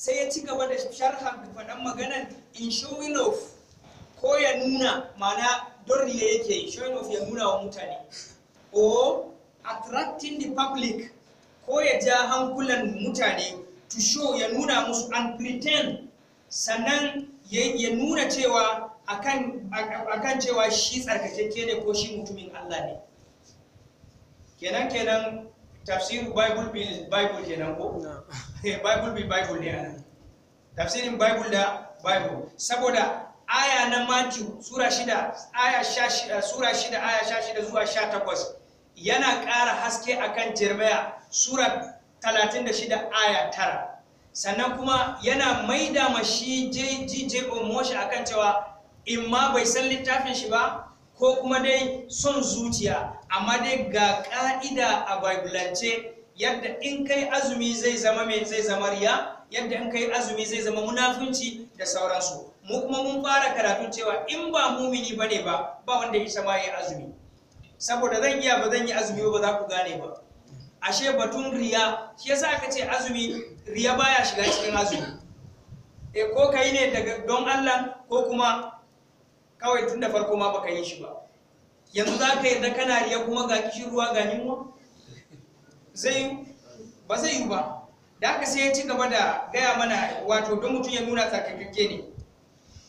sai ya ci gaba da sharhan faɗan maganan in showing off ko ya nuna mana dorriya yake showing off ya nuna wa mutane o attracting the public ko ya ja hankulan mutane to show ya nuna musu and pretend sannan ya nuna cewa akan cewa shi tsarkakekke ne ko shi mutumin Allah ne kenan kenan tafsiru bible bible kenan ko bible bi bible ne nan. tafsirin bible da bible saboda aya na Matthew sura shida aya sha eh, sura shida aya sha shida zuwa sha takwas yana ƙara haske akan Jeremiah sura talatin da shida aya tara sannan kuma yana maida ma shi jj omoshi akan cewa in ma bai san littafin shi ba ko kuma dai son zuciya amma dai ga ka'ida a baibulance yadda in kai azumi zai zama mai zai zama riya yadda in kai azumi zai zama munafunci da sauransu mu kuma mun fara karatu cewa in ba mumini bane ba ba wanda isa ma yayi azumi saboda zan iya ba yi azumi ba za ku gane ba ashe batun riya shi yasa aka ce azumi riya baya shiga cikin azumi e ko kai ne daga don Allah ko kuma kawai tun da farko ma baka yi shi ba yanzu za ka yarda kana riya kuma ga kishin ruwa ga yunwa zai ba zai yi ba da aka sai ya ci gaba da gaya mana wato don mutum ya nuna tsarkakakke ne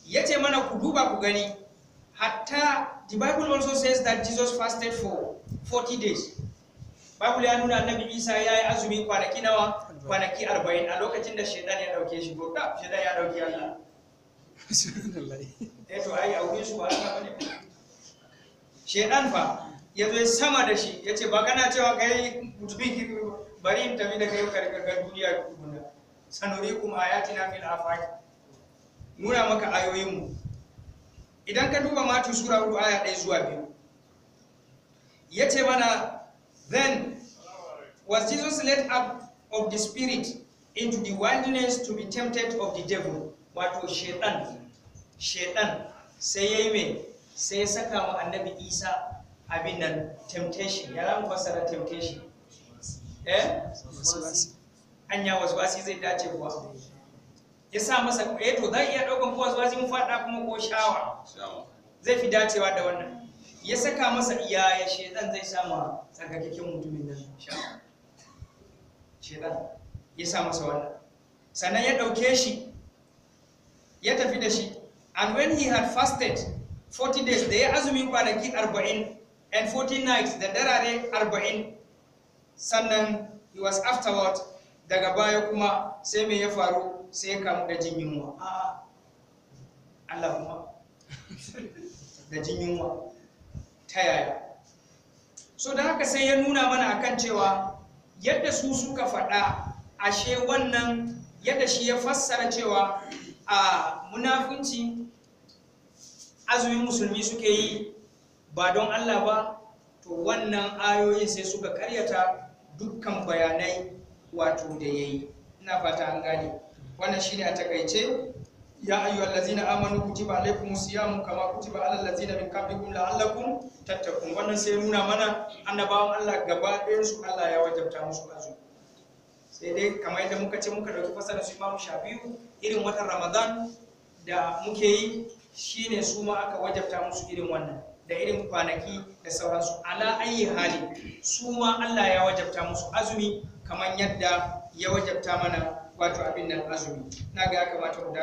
ya ce mana ku duba ku gani hatta the bible also says that jesus fasted for 40 days bible ya nuna annabi isa ya yi azumi kwanaki nawa kwanaki 40 a lokacin da shaitan ya dauke shi ko da shaitan ya dauke allah subhanallah eh to ai a wurin su ba shaitan ba. ya zo sama da shi ya ce ba kana cewa kai mutumin ba bari in tafi da kai ga duniya kuma sanuri kuma ayati na fil afaki nuna maka ayoyinmu idan ka duba matu sura hudu aya ɗaya zuwa biyu ya ce mana then was jesus led up of the spirit into the wilderness to be tempted of the devil wato shaitan shaitan sai ya yi mai sai ya saka wa annabi isa abin nan temptation ya zamu fassara temptation eh anya waswasi zai dace kuwa ya sa masa eh to zai iya daukan ko waswasi mu fada kuma ko shawa zai fi dacewa da wannan ya saka masa iya ya shedan zai sama tsarkakakken mutumin nan shedan ya sa masa wannan sannan ya dauke shi ya tafi da shi and when he had fasted 40 days da ya azumi kwanaki 40 and 14 nights da darare arba'in sannan he was afterward daga baya kuma sai me ya faru sai kamu da jin yunwa Allah kuma da jin yunwa ta yaya so da haka sai ya nuna mana akan cewa yadda su suka faɗa ashe wannan yadda shi ya fassara cewa a munafunci azumin musulmi suke yi ba don Allah ba to wannan ayoyin sai suka karyata dukkan bayanai wato da yayi ina fata an gane wannan shine a takaice ya ayyuhal ladzina amanu kutiba alaykumus siyamu kama kutiba alal ladzina min qablikum la'allakum tattaqun wannan sai nuna mana annabawan Allah gaba ɗayan su Allah ya wajabta musu azu sai dai kamar yadda muka ce muka dauki fasara su Imam Shafi'u irin watan Ramadan da muke yi shine su ma aka wajabta musu irin wannan da irin kwanaki da sauransu ala ayi hali su ma Allah ya wajabta musu azumi kamar yadda ya wajabta mana wato abin nan azumi na ga ya kamata mu